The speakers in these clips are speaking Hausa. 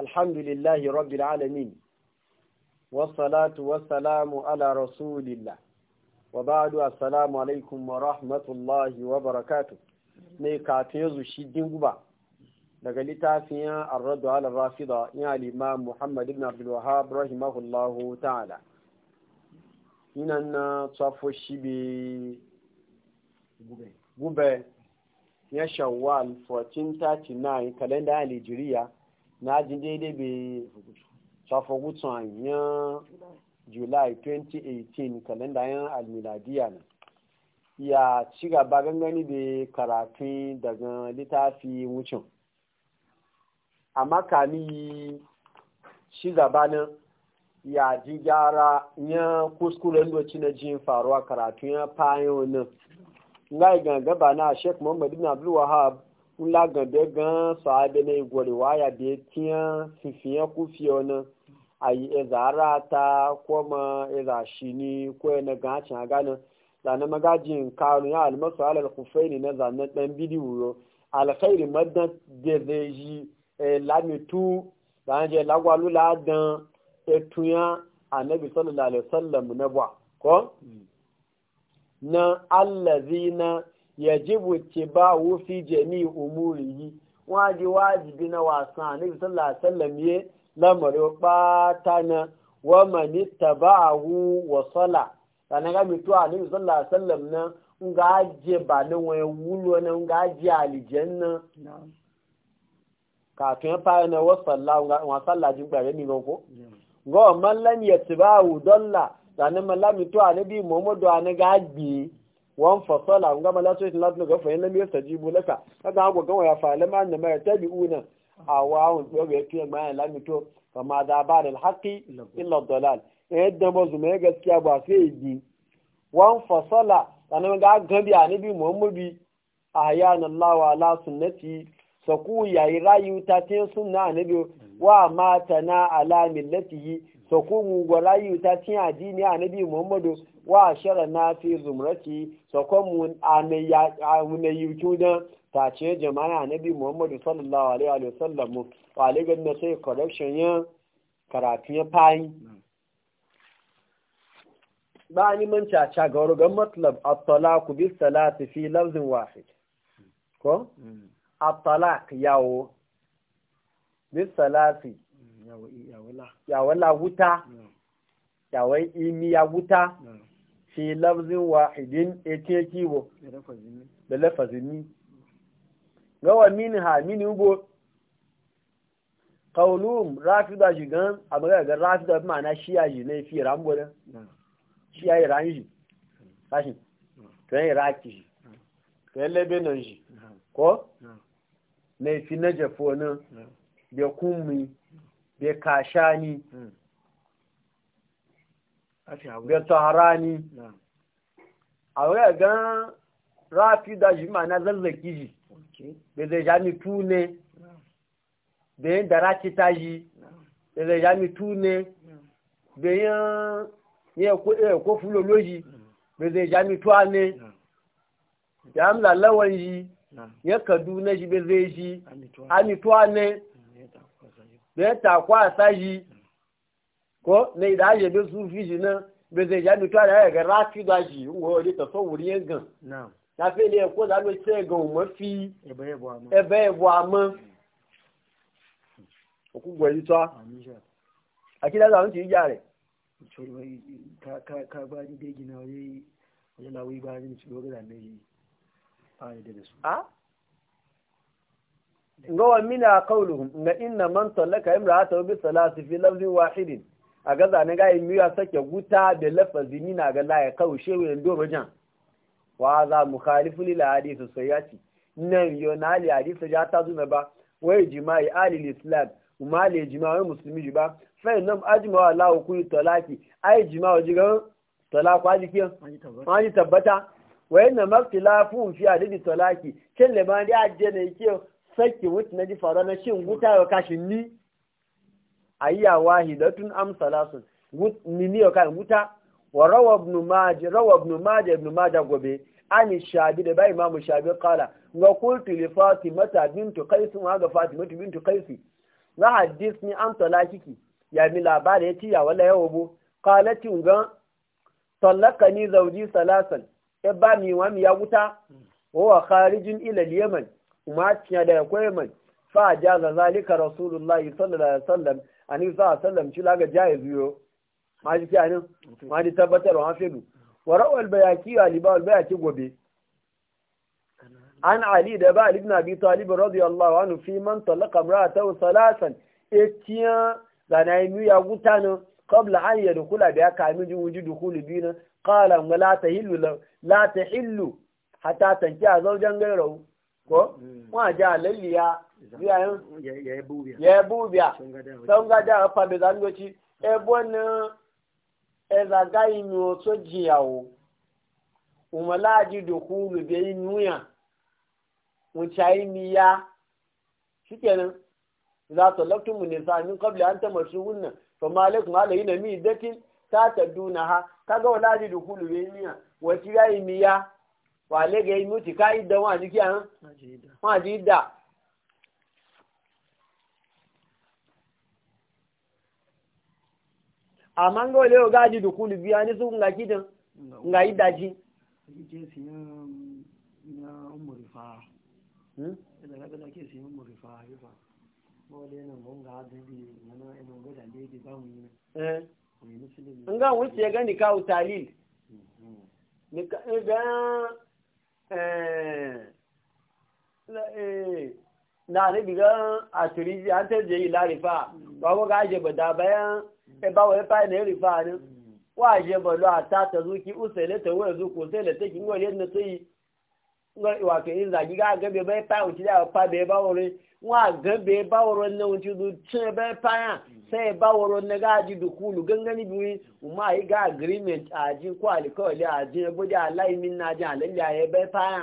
Alhamdulillahi Rabbil Alamin, wasalatu wasalamu ala Rasulillah, wa ba'adu assalamu alaikum wa rahmatullahi wa barakatu, ne kafin yanzu shi dinguba daga littafiyan arradu ala rafida in alima Muhammad ibn Abdullahab rahimahullahu ta'ala. Ina na tsofo shi bi gube, ya shawwal 1439 kalenda Alijiriya. na ji daidai bai safogutun hanyar july 2018 kalenda yan almiladiya na ya ci gaba gangani da karatun daga littafi wucin amma makami ci gaba nan ya ji gyara ya kuskuren doci na jin faruwa karatun ya fayo nan ga gaba na sheik muhammadu na abdul wahab ńlá gàndé gan sọ abẹ́lé ìgbọ̀lẹ̀ wáyà bí tí ń fìfìyàn kú fi ọ̀nà àyè ẹ̀zà ara ta kọ́ mọ ẹ̀zà sí ni kọ́ ẹ̀nà gan àti àga náà lànà magájì nǹkan ya àlùmọ́sọ̀ alẹ́ kò fẹ́ ìnìyàn zànà pẹ́ ń bídì wúrọ̀ àlẹ́kẹ́ ìrìmọ́dán dẹ̀dẹ̀ yí ẹ̀ lámìtú lànà lágbàlú ládàn ẹ̀túnyán ànẹ́bí sọ́lọ́lá àlẹ́ náà kọ́ hmm. na yajibu tiba'u fi jami'i yi waji wajibi na wasan annabi sallallahu alaihi wasallam ye lamari bata na wa man ittaba'ahu wa sala kana ga mitu annabi sallallahu alaihi wasallam na nga je ba na wani wulo na nga je aljanna ka tun fa na wa sallallahu wa sallaji gbare mi ko go man lan yatba'u dalla kana man lan mitu muhammadu an ga gbe wan fasala an gama lati tin lati ga fayin lam yastajibu laka kaga go gawa ya fa'ala ma annama yatabi'una a do be tiyan ma la mi to kama da ba da haqqi illa dalal eh, yadda ba zuma gaskiya ba sai yi wan fasala sanan ga gabi annabi muhammadu ahyana Allah wa ala sunnati saku yayi rayu ta tin sunna anabi wa na ala millatihi saku mu rayu ta tin addini annabi muhammadu wa shara na fi zumrati sakon mun na yi kyudan ta ce jama'a na bi muhammadu sallallahu alaihi wa sallam waligan na sai correction ya karatu ya fayi ba ni man caca ga rugan matlab at ku bi salati fi lafzin wahid ko hmm. at yawo bi salati hmm, yawo yawo la yawo la wuta hmm. yawo imi ya wuta fi lafzin wahidin ete kiwo da lafazin ni gawa mini ha mini ubo kaulum rafida gan a magagar rafida ma'ana shiya ji na fi rambo da shiya yi ran ji raki shi to ji lebe nan ji ko na fi na jafo nan da kunmi da kashani da a gan rafi da shi ma na zarzaki ji da zai ja tune da yin da raci ta ji da zai ja tune da yin ko filoloji da zai ja mi da eh, amla lawan ji ya shi da zai da ya takwa sa ji ko na da ya bi sufi ji nan bai zai ja mutuwa da ya ga rafi da shi wo da tasawuri ya gan na'am ta fe ne ko da lo ce ga mafi ebe ebo amon ku gwayi ta a kida za mu ci ja re ka ka ka ba ni dai gina wai wani lawi ba ni ci dogara da ne a da su a ngawa mina qawluhum na inna man talaka imra'atahu bi salati fi lafzin wahidin a ga zane ga yi miya sake guta da lafazi nina na ga laye kawo shewe da doro jan wa za mu khalifu sai ya ci nan yo na ali hadith ya ta zuna ba wai jima'i ali islam kuma le jima'i musulmi ji ba fa nan ajma wa la ku talaki ai jima'i ji ga talaku aji kiyan wani tabbata wai na maktilafu fi hadith talaki kin le ma dai ajje ne kiyo sake wuta na ji fara na shin guta wa kashin ni ayya wahidatun am salasun miniyo kan wuta wa rawa ibn maji rawa ibn maji ibn maji gobe ani shabi da bai imamu shabi kala wa qultu li fatimata bintu qais wa ga fatimatu bintu qais na ni an talakiki ya mi labari ya ci ya wala yawo bo qalat unga ni zawji salasan e ba mi wa mi ya wuta wa kharijin ila al-yaman umma tiya da yaman fa jaza zalika rasulullahi sallallahu alaihi wasallam ani za sallam ci laga jaiz yo ma ji kiyani ma ji tabbatar wa hafidu wa rawal bayaki wa liba al bayaki gobe an ali da ba ibn abi talib radiyallahu anhu fi man talaqa imra'atahu salasan etiya zanai mi ya gutanu qabla an yadkhula bi ji wuji dukhuli bina qala la tahillu la tahillu hatta tanki azawjan gairau ko hmm. wa ja lalliya yayin ya bubiya ya bubiya don ga da fa be zan goci e bon e za ga o to jiyawo umala ji do kulu be inu ya mun chai ni ya shikenan za ta laftu mun nisa min qabla an tamashuhunna fa malakum alayna mi datin ta ha. kaga wala ji do kulu be inu ya wa ji ga inu ya wà lẹ́gẹ̀ẹ́ imú ti ká ìdá wọn àti kí à ń wọn àti ìdá. àmọ́ ń gbọ́ ọgá àti ìdòkú lè bí anísù ńgà kídàn ńgà ìdá jí. nga wuce ga ni eh? kawo na ne biga a turiji an ta je ila rifa ba ko ga je bada bayan e ba wai fa ne rifa ne wa je ba lo ata ta zuki usele ta wa ko wa sai ke in zagi ga ga be bai fa uti da fa be ba wọn àgẹ́bẹ̀ bá wọ̀rọ̀ ní ohun tí ó tí ẹ bẹ́ a sẹ́yìn bá wọ̀rọ̀ ní gáàjì dùkúlù gẹ́gẹ́ níbi wọn ọmọ àyíká agreement àjín kó àlìkọ́ọ̀lẹ́ àjín ẹgbọ́dẹ aláìní nàájà àlẹ́lẹ́ ayẹ bẹ́ páyà.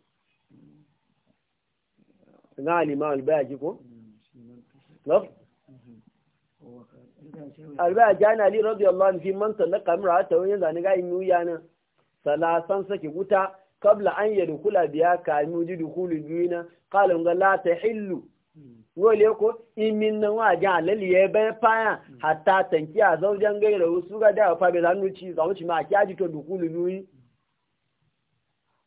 na alima albayaji ko? albayaji ana ali radiyallahu anhu fi man talaka mura ta wani zane ga imi wuya salasan saki wuta kabla an yi dukula biya ka imi wuji dukulu biyu na kalin ga la ta hillu wale ko imin nan waje alali ya bai faya hatta tanki a zaujen gaira wasu ga da fa bai zanu ci zamu ci ma ki aji to dukulu biyu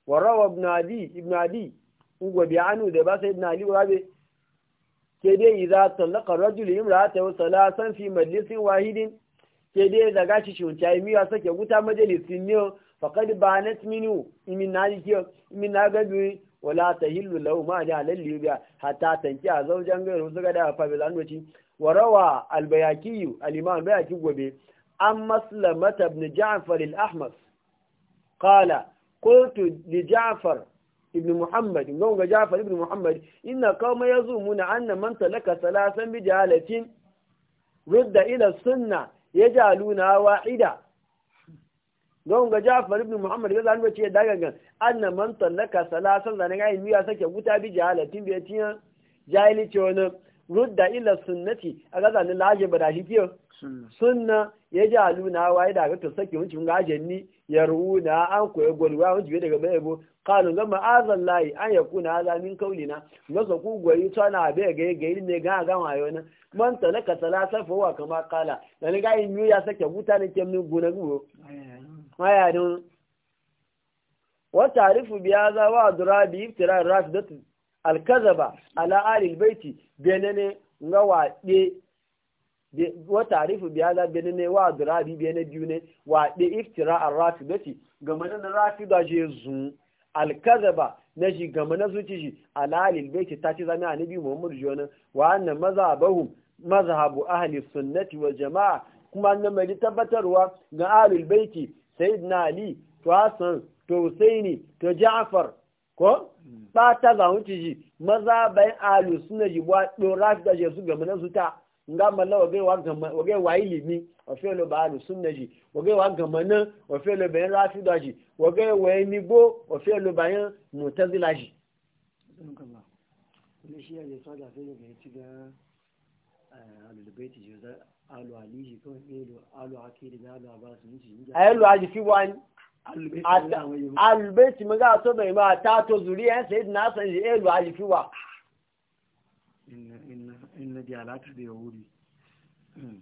wa rawa ibn adi ibn adi gobe anu da ba sayyidina ali wabe ke dai idza talaqa rajul imra'atahu salasan fi majlisin wahidin ke dai daga shi shunta yi miya sake guta majalisin ne faqad banat minu min naliki min nagabi wala tahillu law ma ja lal libya hatta tanki a zaujan gairu suka da fa bi zanwaci warawa albayaki al-imam bayaki gobe an maslamata ibn ja'far al-ahmas qala qultu li ja'far ibn muhammad ngon ga jafar ibn muhammad kawo inna qauma yazumuna anna man talaka salasan bi jahalatin rudda ila sunna yajaluna wahida ngon ga jafar ibn muhammad ga zan bace da gangan anna man talaka salasan zan ga miya sake guta bi jahalatin bi tiyan jahili ce wani rudda ila sunnati a ga zan laje bada shi kiyo sunna wa wahida ga to sake wuncin gajen ni yaruna an koyi gwalwa wani jibe daga bai bo kanu gama azan layi an ya kuna azamin kaulina masa ku gwari na bai ga ga ne ga ga ma yona man talaka talasa fa wa kama kala dan ga yin ya sake wuta ne kemin gona go maya don wa tarifu biya za wa durabi iftira rasdat alkazaba ala ali albayti benene ngawa de wa tarifu biya za bene ne wa durabi biya na biyu ne wa de iftira ar rafidati gama na rafida je zu al kadhaba na shi game na zuci ji alalil baiti ta ci zami annabi muhammadu jona wa anna mazhabahum mazhabu ahli sunnati wa jamaa kuma annan mai tabbatarwa ga ahlul baiti sayyidina ali to hasan to husaini to ja'afar ko hmm. ba ta zawunci ji maza bayan ahlus sunna ji wa do rafida je su gama na zuta nga mala wage wa gama wage wa ilimi ofe lo ba lu sunna ji wa gama na ofe lo ben rafi da ji wage wa ni bo ofe lo ba yan mutazila ji ne shi ya so da sai ga ci ga ji da alu alihi ko ne lo alu da alu abbas ni ji ai lo aji fi wani alul baiti maga to bai ma ta to zuriya eh, sayyidina san eh, fi wa na dialatu da yahudi hmm.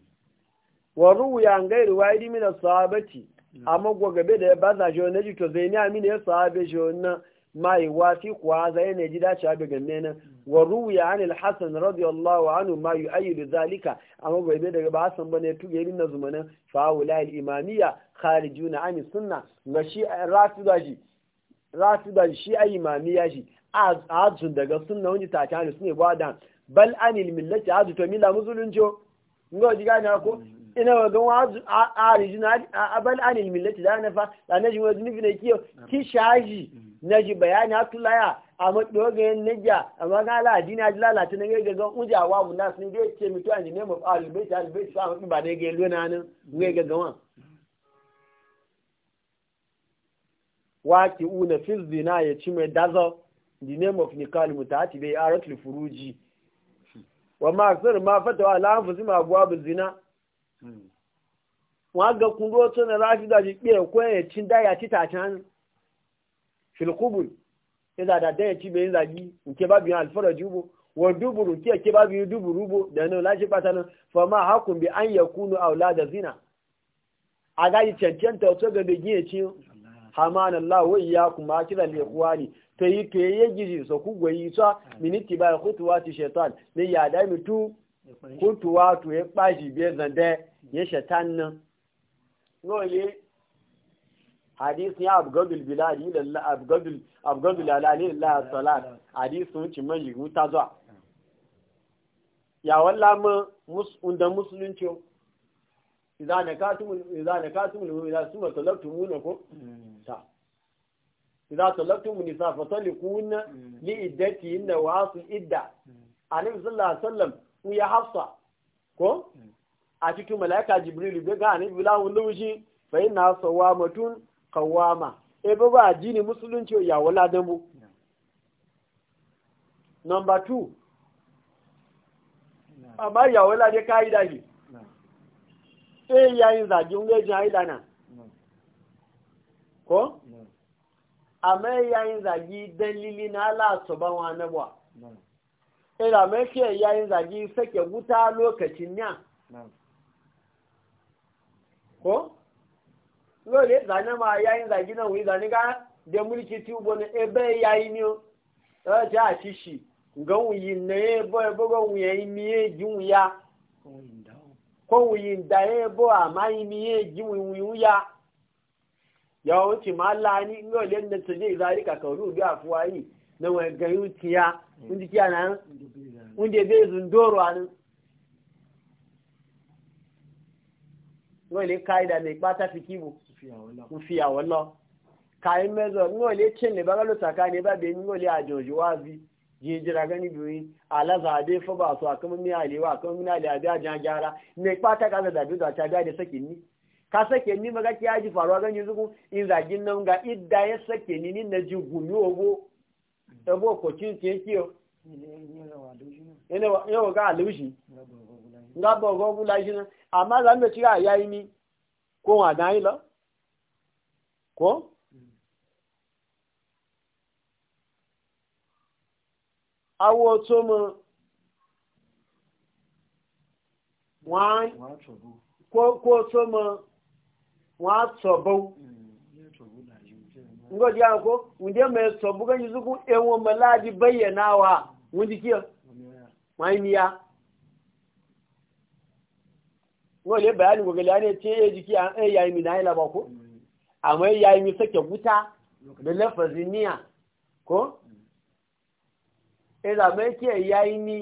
wa ruwiya an gairi wa iri mina sahabati hmm. amma da ya ba sa shi wani jito zai ni amina ya sahabe shi wani mai wasi kuwa zai ne ji dace a bigan nena wa ruwiya an alhassan radiyallahu anu ma yi da zalika amma gwagabe da ba hassan bane ya tuge irin na zumanin fa'ula imamiyya kharijuna an sunna ga shi rafidaji rafidaji shi a imamiyya shi azu daga sunna wani takani sune gwada bal anil millati azu to mila musulunci ngo ji gane ko mm-hmm. ina wa gan a original bal anil millati da na fa da na wani fina kiyo mm-hmm. ki shaji mm-hmm. na bayani atulaya a madogayen najja amma ga ala adina ji lalata na gaga gan ujawa mu nas ne dai ce mutu an ne mu albayt albayt sa mu ba ne ga lona nan ngai ga wa waki una fil zina ya ci mai dazo the name of nikal mutati bai li furuji wa ma sir ma fatawa la anfusi ma bu zina hmm. wa ga kun do to na rafi da ji biye ko ya cin da ya ta can fil qubul ida da da ya ci bai zagi nke babu al faraju bu wa duburu ke ke babu duburu bu da no lashi patana fa ma hakun bi an yakunu aulada zina aga yi cancanta to ga da giye ci hamanallahu wa iyyakum ma kira li ikhwani yi to yi giji so ku gwayi sa miniti ba hutuwa ti shaitan ne ya da mitu hutuwa to ya baji be zande ya shaitan nan no ye hadis ya abgadul bilal ila abgadul abgadul alali ila salat hadis sun ci man yigu ta zuwa ya walla mu unda musulunci idan ka tumu idan ka tumu idan suma talabtumuna ko mm. ta إذا طلقتم النساء فطلقون لإدتهن وعاص الإدة عليه صلى الله عليه وسلم ويا حفصة كو أتيتم ملائكة جبريل بيغا النبي بلا ونوشي فإنها صوامة قوامة إيه بابا جيني مسلم يا ولا دمو نمبر تو أما يا ولا دي kai da إيه يا إنزا zagin gajin نا na amma yayin zagi lili na ala ba wa na ba ila mai ke yayin zagi sake wuta lokacin ya ko lole zane ma yayin zagi na wuyi zane ga da mulki na ebe yayin e, ne ta a ga wuyi na ebo ebo ga wuyi miye jin wuya ko wuyi da ebo wuyi ya. ya wuce ma Allah ni in yau lenda ta je zalika ka ru bi afwayi na wani gayu tiya mun ji na nan bai je a zundoro anan wale kaida ne pata fikibu ufia wala kai mezo ngole chenle bagalo ne ba be ngole ajoju wazi jinjira gani biyu ala zabe fa ba su akamun mi alewa akamun mi alewa bi jan gyara ne pata kaza da bi da ta ga da sakin ni ka sake ni maga ki aji faruwa zan yi zuku in zagin nan ga idda ya sake ni ni na ji gumi ogo da bo ko cin ce kiyo ene wa yo ga alushi bo go gula shi na amma zan da yayi ni ko wa yi lo ko awo to mo wan ko ko to mo wọ́n sọ̀bọ̀ ngo e di ako wunde me sọ̀bọ̀ kan yuzu ku enwo malaji bayyana wa wundi kiyo wani niya ngo le bayani go gele ne ce ya e jiki an ai yayi e mi na ila ba ko amma yayi mi sake guta da lafazin niya ko ila me ke yayi mi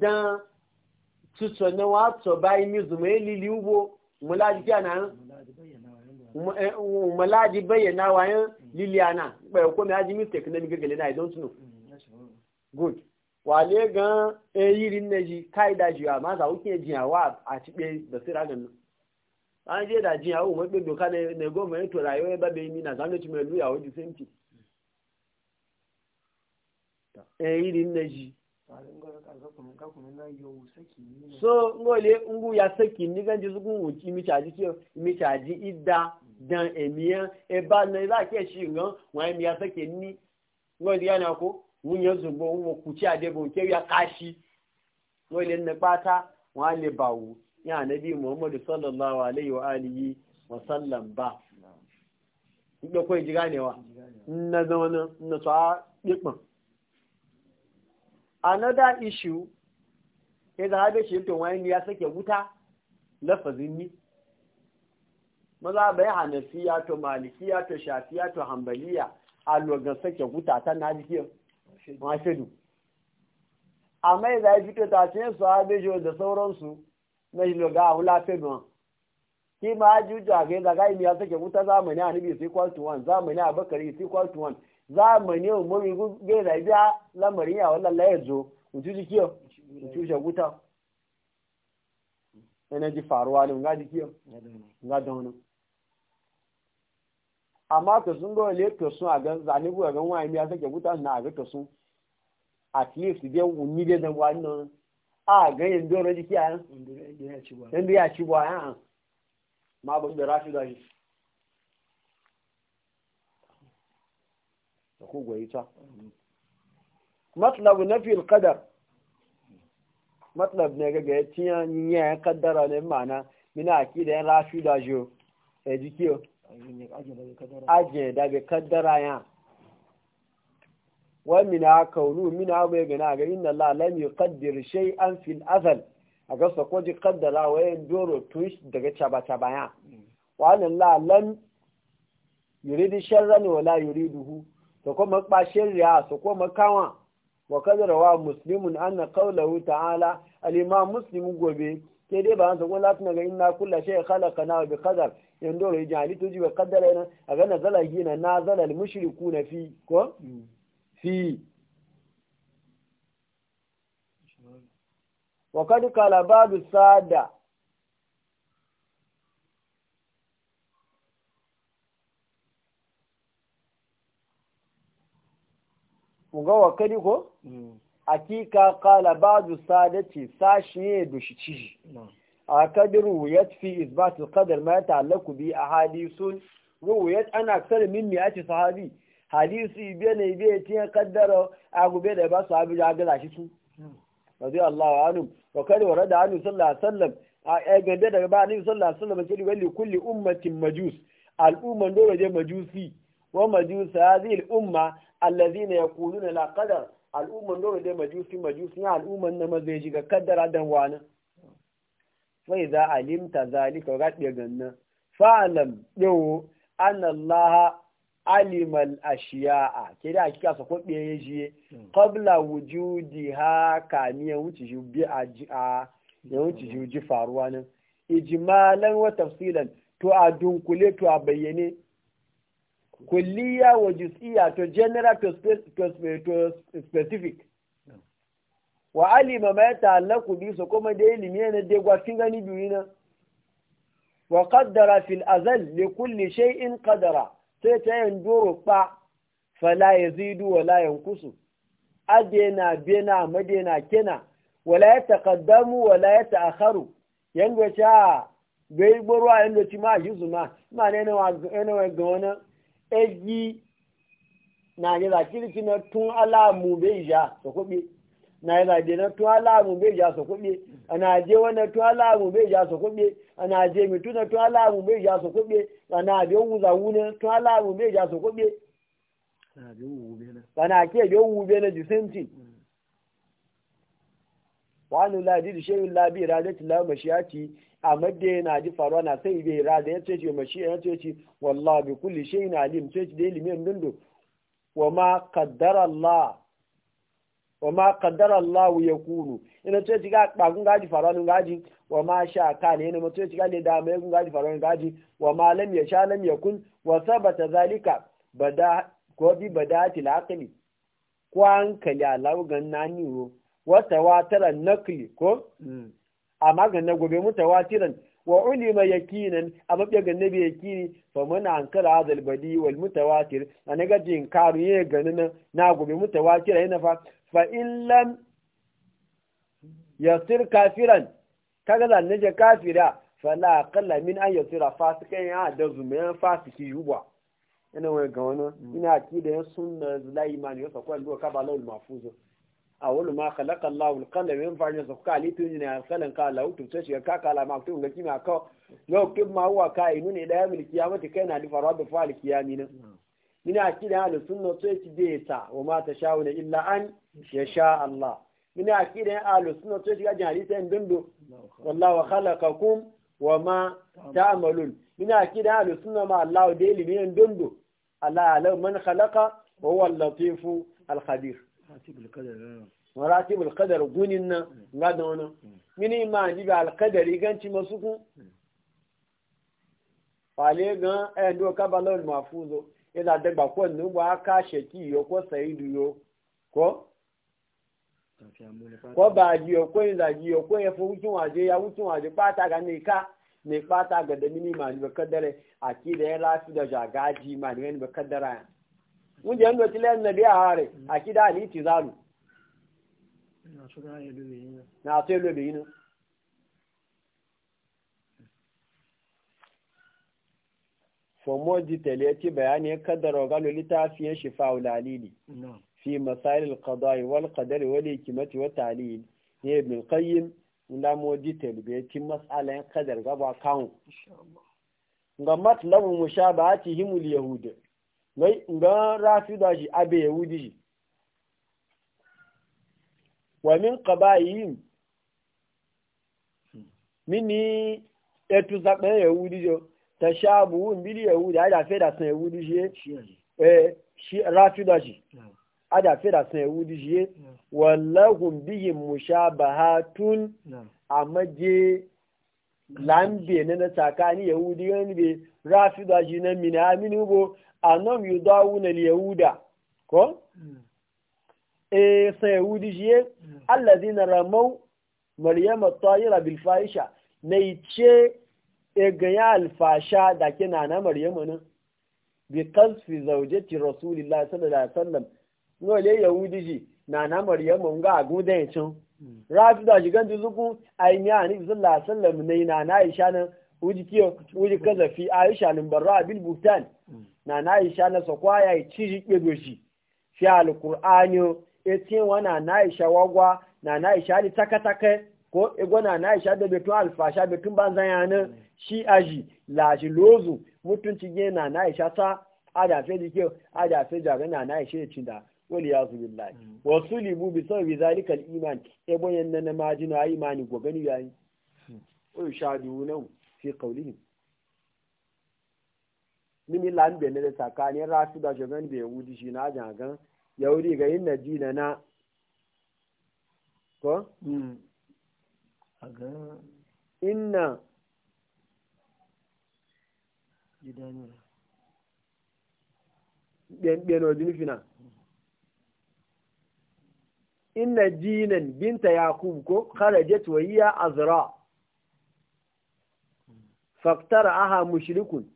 dan tutso ne wa to bayi mi zuma lili ubo mulaji kana mulaji bayyana malaji bayyana wayan liliana bai ko mai aji mistake na migar gale na i don't know good wale gan eyirin na ji kai da jiya ma za uke jiyawa a cibe da sira gan nan an je da jiya o mabe doka na eh, ne goma ne to rayuwa ba bai ni na zanga ci ya luya wadi senti eyirin na ji so ngole ngu ya saki ni ganji zugun wuci mi chaji mi chaji idda dan emiya e ba na za ke shi ngan wa emiya sake ni ngo di yana ko mun yo zubo wo kuci ade bo ke ya kashi ngo le ne pata wa le bawu ya nabi muhammad sallallahu alaihi wa alihi wa sallam ba da kawai e ji ganewa na zama na na a ɗiɓin another issue ya e zahabe shi yato wani ya sake wuta lafazin ni maza bai hanasiya to malikiya to shafiya to hambaliya a lokacin sake guta ta na jikin mashidu amma ya zai fito ta ce su abejo da sauransu na shi loga a hula fedon ki ma juju a kai zaga a sake guta zamani a nubi sai kwal to one zamani a bakari sai kwal to one zamani a umari gai zai biya lamarin ya wallan layar zo mutu jikiyo mutu shaguta yana ji faruwa ne nga jikiyo ga daunin amma ka sun ga le to sun a gan zani bu ga wani ya sake guta na ga to sun at least dai unni dai dan wannan a ga yin dole jiki an dan ya ci ba ya ma bu da rashi da shi ko goyi ta matlab nafi al-qadar matlab ne ga ga tiyan yin ya kaddara ne ma'ana mina akida yan rafi da eh, jo e aje da bai kaddara ya wa mina kaunu mina ya gana ga inna ya lam yuqaddir shay'an fil azal a ga ko ji kaddara wa ya doro tush daga caba caba ya wa anan la lam yuridu sharran wa la yuriduhu to ma ba shirya ko ma kawa wa kaddara wa muslimun anna qawluhu ta'ala al imam muslim gobe sai dai ba hansa kuma tuna ga inna kulla shay khalaqana bi qadar yan dole ya jali tuji bi qadara yana a ga nazala hina nazala al mushrikuna fi ko hmm. fi wa kad qala ba'du sada mu ga wa kadi ko hmm. hakika kala ba'du sadati sashiye dushi ciji a kadir wuyat fi isbatul qadar ma ta'allaku bi ahadithun ruwayat ana aksar min mi'ati sahabi hadisi biye ne biye tiya kaddara a gube da ba sahabi da gaza shi su allahu anhu wa kad warada anhu sallallahu alaihi wasallam a gande daga ba annabi sallallahu alaihi wasallam ce wali kulli ummatin majus al'umman dole je majusi wa majusa hadhihi al'umma alladhina yaquluna la qadar al'umman dole dai majusi majusi na al'umman na mazai ji shiga kaddara dan wani sai za a limta zalika ga ɗaya ganna fa'alam yau an allaha alimal ashiya'a ke da hakika su ko ɗaya ya jiye hmm. qabla wujudi ha kamiyan wuce shi a ya wuce shi ji faruwa nan ijimalan wa tafsilan to a dunkule to a bayyane kulliya wa juz'iyya to general to, specific wa alima ma yata'allaqu bi so kuma da ilimi ne da gwa gani biyu na wa qaddara fil azal li kulli shay'in qadara sai ta yin doro fa fala yazidu wa la yanqusu adena bena madena kena wala yataqaddamu wala yata'akharu yanga cha ah, bai burwa a ci ma yuzuma ma ne ne wa ne wa ga egi na ne za kirki na tun alamu be ja su kuɓe na yi de na tun alamu bai ja su kuɓe a na je wani tun alamu bai ja su kuɓe a na je mitu na tun alamu bai ja su kuɓe a na je wuza wuni tun alamu bai ja su kuɓe ba na ke biyo wube na jisinti wani ladi da shehu labi iradati la mashiyati a madda yana ji faruwa na sai bai irada ya ce mashiya ya ce wallahi bi kulli shay'in alim ce da ilimin dundu wa ma qaddara Allah wa ma qaddara ya kunu ina ce ji ga bakun gaji faruwa nun gaji wa ma sha ka ne ina mutum ce ga ne da kun gaji faruwa nun gaji wa ma lam ya sha lam kun wa sabata zalika ko bi badati al-aqli ko hankali alawu ganna ni ro wata wataran nakli ko mm. amma ga na gobe mutawatiran wa ulima yakinan a mafiya ga nabi yakini fa muna an kara hadal badi wal mutawatir a na gajin karu ya gani na na gobe mutawatir yana fa fa in illam yasir kafiran kaga zanne je kafira fa la aqalla min an yasira fasikan ya da zumayan fasiki yuba ina wani ga wani mm. ina akida yan sunna zulaiman yasa kwallo kabalul mafuzo أول ما خلق الله القلم ينفع نسخ كالي تنين أرسلن قال له تبتش يكاك على مكتوب لكي ما كو لو كيب ما هو كائنون إذا من القيامة كينا لفراد فعل قيامنا من أكيد أهل السنة تويت ديتا وما تشاون إلا أن يشاء الله من أكيد أهل السنة تويت أجنى لسين دندو والله خلقكم وما تعملون من أكيد أهل السنة ما الله ديلي من دندو الله أعلم من خلق هو اللطيف الخبير maratibul eh. qadar gunin nan hmm. ga da wani hmm. mini ma ji ga alqadari ganci masu ku fale hmm. gan eh do kabalon mafuzo ila da ba ko nu ba ka sheki yo ko saidu yo ko ko ko ko ya fu waje ya wucin waje pata ga ka ne pata ga da mini ma ji ba da jagaji ma wunje ndo tile na biya hare mm. akida ni tizalu na so lo be yin for more detail yace bayani kaddara ga littafin shifa'ul alili fi masail al-qada'i wal qadari wal hikmati wa ta'lil ne ibn qayyim la more detail be ti mas'alan qadar ga ba kawo ga matlabu mushabahati himul yahudi ngai ngan rafida shi abe yahudi shi wa min kaba qaba'ihim mini etu zabe yahudi jo tashabu mbili yahudi ada fe da san yahudi shi eh shi rafida shi ada fe da san yahudi shi wallahum tun mushabahatun amaje lambe na na tsakani yahudi yan be rafida shi na mina aminu bo anom yudawuna yahuda ko eh sa yahudi shi hmm. alladhina ramau maryama tayira bil faisha ne ce e ganya alfasha da ke na maryama nan bi kasfi zawjati rasulillahi sallallahu alaihi wasallam no le yahudi shi na na maryama ga gudan cin rafi da shigan jizuku a yi miya ne bisan lasallam na yi na na aisha nan wuji kiyo wuji kazafi aisha nan barra bil butan na na aisha na sakwa ya yi ciji shi fi alkur'ani ya ce wa na na aisha wagwa na na aisha ne takataka ko igwa e na na aisha da betun alfasha betun banzan yanin shi aji lashi lozu mutunci gina na na aisha ta adafe jikiyo adafe jaga na na aisha ya ci da wani ya zubi lai wasu libu bi sau bi zalikal iman ya bayan na majina ya imani ko gani yayi o sha biyu nan fi kaulini mini lan bene da tsakanin rasu da shogan da yahudi shi na jagan yahudi ga yin na jina na ko inna jidanura ɓen ɓen o jinifina inna jinan binta yakub ko kharajat wa hiya azra faktara aha mushrikun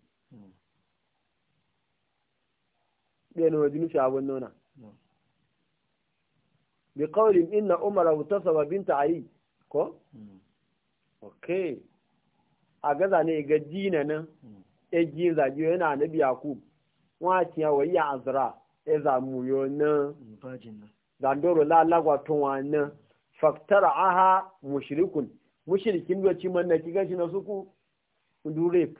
beno wajin shi abun nona bi qawlin inna umara mutasaba binta ali ko okay a gaza ne ga jina nan e jin zabi yana nabi yakub wa tiya wa hiya azra e zamu yo nan bajin nan zandoro la lagwa to wannan faktara aha mushrikun mushrikin da ci manna kiga shi na suku du rape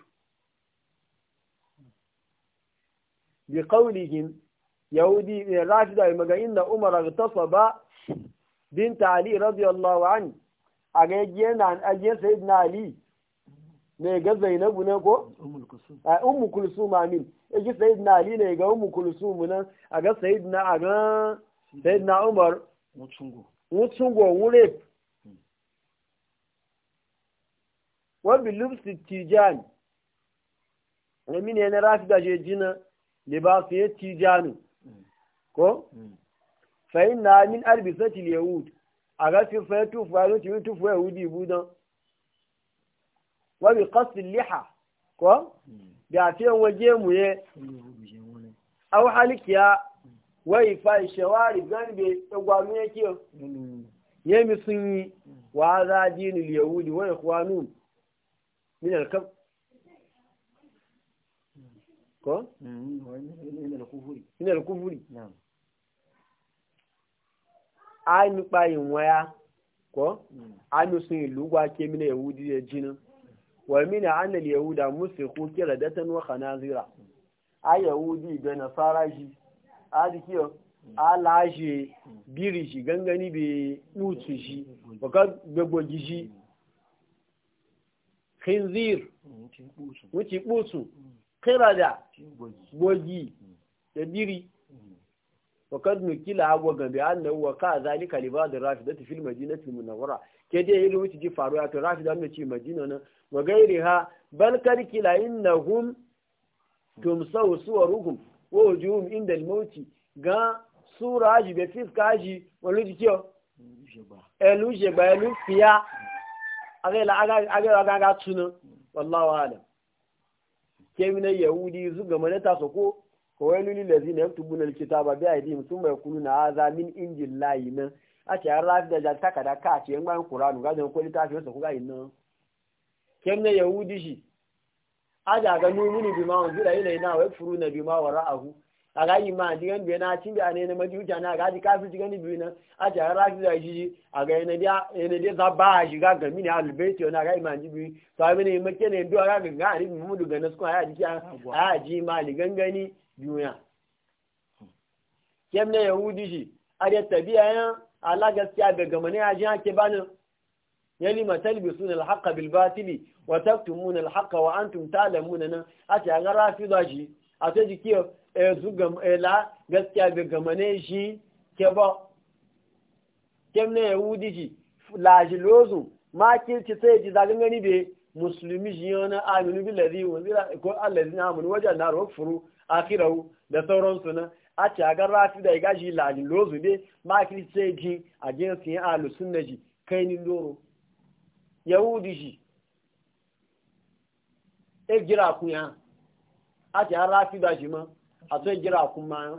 bi qawlihim yahudi eh, rafida maga inda umar ghtasaba bint ali radiyallahu an aga yana aje sayyidina ali ne ga zainabu ne ko ummu eh, kulsum amin yaji sayyidina ali ne ga ummu kulsum nan aga sayyidina ga. sai na umar wutsungo wurep wabi hmm. lufsi tijani wani ne na rafi da je jina libasu ya tijani hmm. ko hmm. fa'in na min arbisatil yahud a gafi fa'in tufuwa zai cikin tufuwa yahudi budan bi kasin liha ko da fiye waje mu ye au halikiya wai fa shawari ganbe igwanu yake yemi sun yi wa za dinul yahudi Wai ikhwanu min al-kaf ko min al ai mi pa waya ko hmm. ai mi sun yi lugwa ke min yahudi ya jinin wa min anal yahuda musiqu datan wa khanazira ai yahudi da nasara shi a jikiyo a lashe biri shi gangani bai ɗutu shi baka gbogbogi shi khinzir wuce ɓutu kirada gbogi da biri wakad nukila agwa gambe an na wa ka zalika libadin da ta fil madinati munawwara ke dai ilu wuce ji faruwa to rafida da ce majina nan wa gairi ha bal karkila innahum tumsau suwaruhum wa inda mauti ga sura aji be fiska aji wani elu jegba elu fiya agela agaga tunu wallahu alam kemina yahudi zu ga manata soko ko kawailu lillazi na yaktubu na kitaba bi aidihim thumma yaquluna hadha min na a an rafi da jataka da ka ce yan bayan qur'anu ga jan su na yahudi shi aja ga mumini bi ma unzila ilaina wa yakfuruna bima ra'ahu aga imani gan bi na cin bi ne na majuja na ga di kafir gan bi na aja ra ji da ji aga ne dia ne dia za ba ji ga ga mini ga yi ma ji bi to bi ne ma kene do aga ga ga ri mu du ga na su aya ji aya ji li gangani ya kem ne yahudi ji ta tabiya ya ala a ga gamane ya ji ake bani yali sunal alhaqa bil batili wa taktumun alhaqa wa antum ta'lamuna nan a ce ga rafida shi a ce jiki e zuga la gaskiya ga gamane shi ke ba kem ne yahudi ji lozu ma kirci sai ji da gani be musulmi ji yana aminu bil ladhi zira ko allazina mun wajen nar wakfuru akhirahu da sauransu na a ce ga rafida ga ji lozu be ma kirci sai ji a jinsin sunna ji Kai ni loro yahudi ji Ejira jira ya a ce an rafi da shi ma a so jira kun ma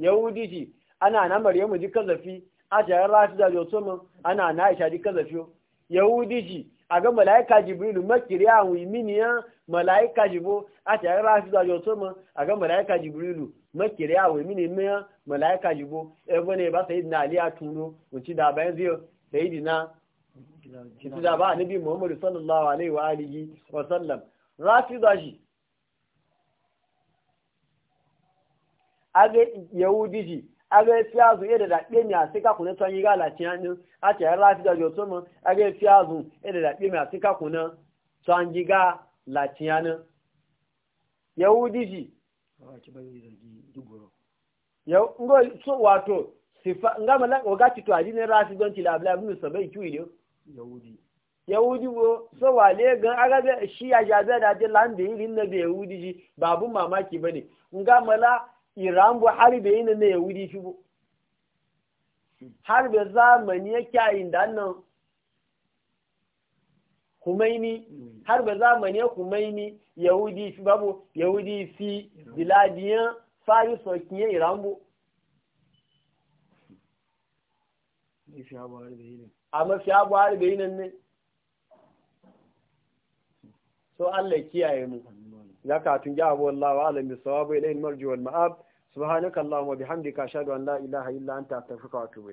yahudi ji ana na maryamu ji zafi a ce an rafi da ma ana na aisha ji ya yahudi ji a ga malaika jibrilu makiri a wimini ya malaika jibo a ce ara fi da joso ma a ga malaika jibrilu makiri a wimini ya malaika jibo ebe ne ba sayid na aliya turo wuci da bayan zai na, Kiti da ba nabi Muhammadu sallallahu Alaihi wa alihi wa sallam rafida shi aga yahudi ji aga fi azu yadda e da ɗe mai asika kuna tun yi gala ci hannun a ce yan rafida ji otu mun aga fi azu yadda e da ɗe mai asika kuna tun yi gala ci hannun yahudi ji yau ngo so wato sifa ngama la wagati to ajine rafidon ci la bla ibn sabai kiwi yahudi yahudi wo so wale gan agabe shi ya jabe da de lande irin na yahudi ji babu mamaki bane nga mala iran bu harbe yi na yahudi shi bu harbe zamani yake ayin da nan kumaini harbe zamani ya kumaini mm. yahudi shi babu yahudi fi mm. biladiyan faris sokiye iran bu a mafi abu harbe nan ne so Allah kiyaye mu ya ka tun ya abu Allah wa alamin sawabu ilayil marji wal ma'ab subhanakallahumma bihamdika ashhadu an la ilaha illa anta astaghfiruka wa atubu